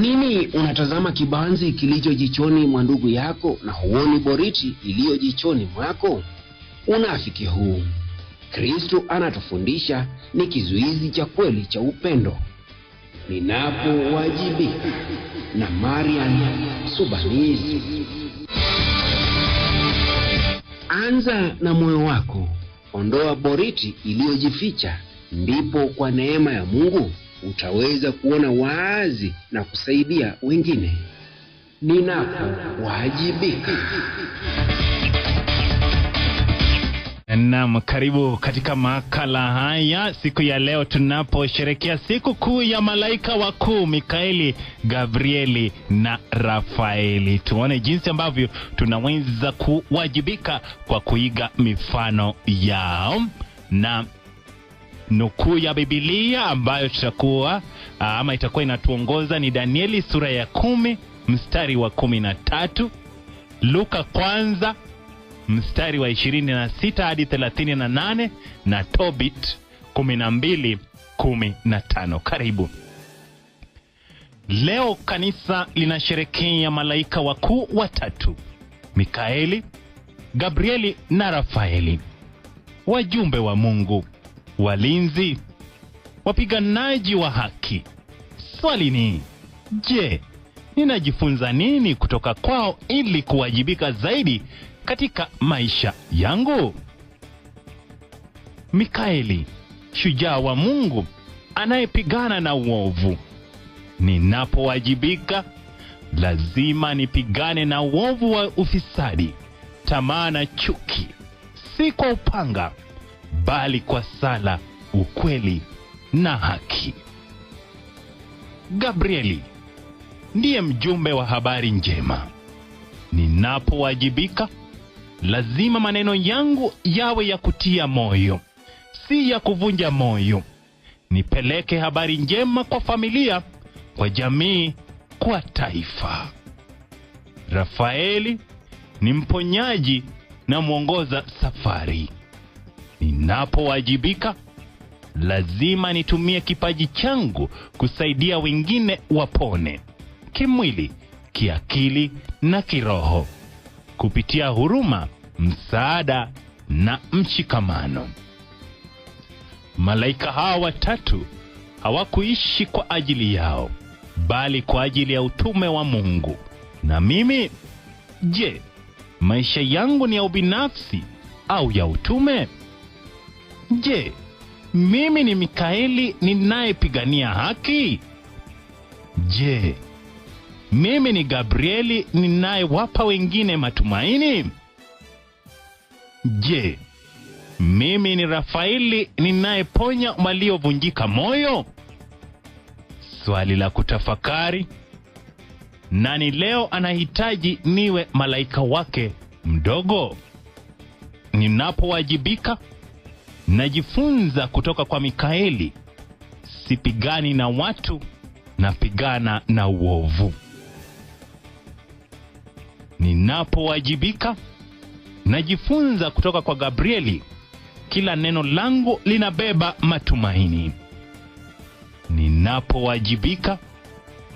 nini unatazama kibanzi kilicho jichoni mwa ndugu yako na huoni boriti iliyo jichoni mwako? Unafiki huu Kristo anatufundisha ni kizuizi cha kweli cha upendo. Ninapowajibika na Marian subanizi Anza na moyo wako, ondoa boriti iliyojificha, ndipo kwa neema ya Mungu utaweza kuona wazi na kusaidia wengine. Ninapowajibika. Naam, karibu katika makala haya siku ya leo tunaposherekea siku kuu ya malaika wakuu Mikaeli, Gabrieli na Rafaeli. Tuone jinsi ambavyo tunaweza kuwajibika kwa kuiga mifano yao na nukuu ya Biblia ambayo tutakuwa ah, ama itakuwa inatuongoza ni Danieli sura ya kumi mstari wa kumi na tatu Luka kwanza mstari wa sita hadi thelathini na Tobit na tano Karibu. Leo kanisa linasherekea malaika wakuu watatu, Mikaeli, Gabrieli na Rafaeli, wajumbe wa Mungu walinzi, wapiganaji wa haki. Swali ni je, ninajifunza nini kutoka kwao ili kuwajibika zaidi katika maisha yangu? Mikaeli, shujaa wa Mungu anayepigana na uovu. Ninapowajibika, lazima nipigane na uovu wa ufisadi, tamaa na chuki, si kwa upanga bali kwa sala, ukweli na haki. Gabrieli ndiye mjumbe wa habari njema. Ninapowajibika, lazima maneno yangu yawe ya kutia moyo, si ya kuvunja moyo. Nipeleke habari njema kwa familia, kwa jamii, kwa taifa. Rafaeli ni mponyaji na mwongoza safari. Ninapowajibika lazima nitumie kipaji changu kusaidia wengine wapone kimwili, kiakili na kiroho kupitia huruma, msaada na mshikamano. Malaika hawa watatu hawakuishi kwa ajili yao, bali kwa ajili ya utume wa Mungu. Na mimi je, maisha yangu ni ya ubinafsi au ya utume? Je, mimi ni Mikaeli ninayepigania haki? Je, mimi ni Gabrieli ninayewapa wengine matumaini? Je, mimi ni Rafaeli ninayeponya waliovunjika moyo? Swali la kutafakari. Nani leo anahitaji niwe malaika wake mdogo? Ninapowajibika Najifunza kutoka kwa Mikaeli, sipigani na watu, napigana na uovu. Ninapowajibika, najifunza kutoka kwa Gabrieli, kila neno langu linabeba matumaini. Ninapowajibika,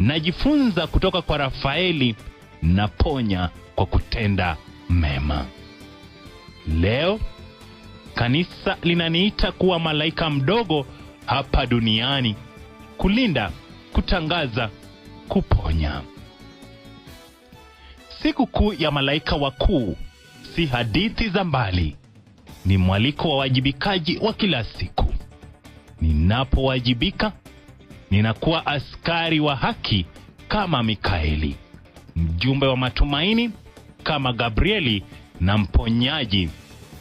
najifunza kutoka kwa Rafaeli, naponya kwa kutenda mema. Leo Kanisa linaniita kuwa malaika mdogo hapa duniani, kulinda, kutangaza, kuponya. Siku kuu ya malaika wakuu si hadithi za mbali, ni mwaliko wa wajibikaji wa kila siku. Ninapowajibika, ninakuwa askari wa haki kama Mikaeli, mjumbe wa matumaini kama Gabrieli na mponyaji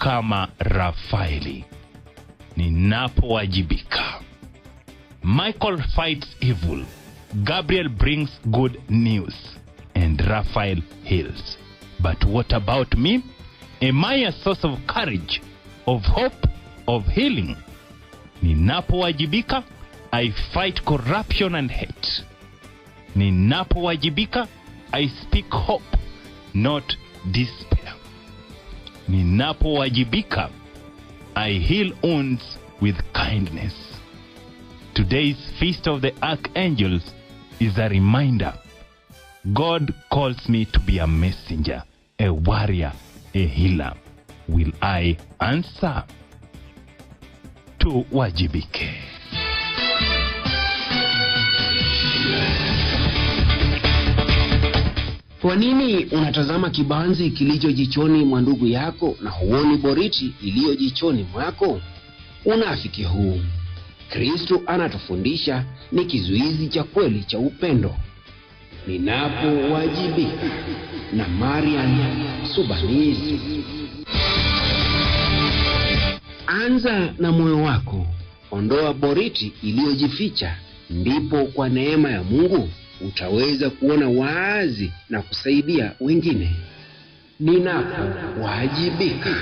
kama Rafaeli ninapowajibika. Michael fights evil, Gabriel brings good news, and Rafael heals. But what about me? Am I a source of courage, of hope, of healing? Ninapowajibika, I fight corruption and hate. Ninapowajibika, I speak hope, not despair ninapowajibika, I heal wounds with kindness. Today's Feast of the Archangels is a reminder. God calls me to be a messenger, a warrior, a healer. Will I answer? Tuwajibike. Kwa nini unatazama kibanzi kilicho jichoni mwa ndugu yako na huoni boriti iliyo jichoni mwako? Unafiki huu. Kristo anatufundisha ni kizuizi cha kweli cha upendo. Ninapowajibika na Marian subanizi Anza na moyo wako, ondoa boriti iliyojificha, ndipo kwa neema ya Mungu utaweza kuona wazi na kusaidia wengine ninapowajibika.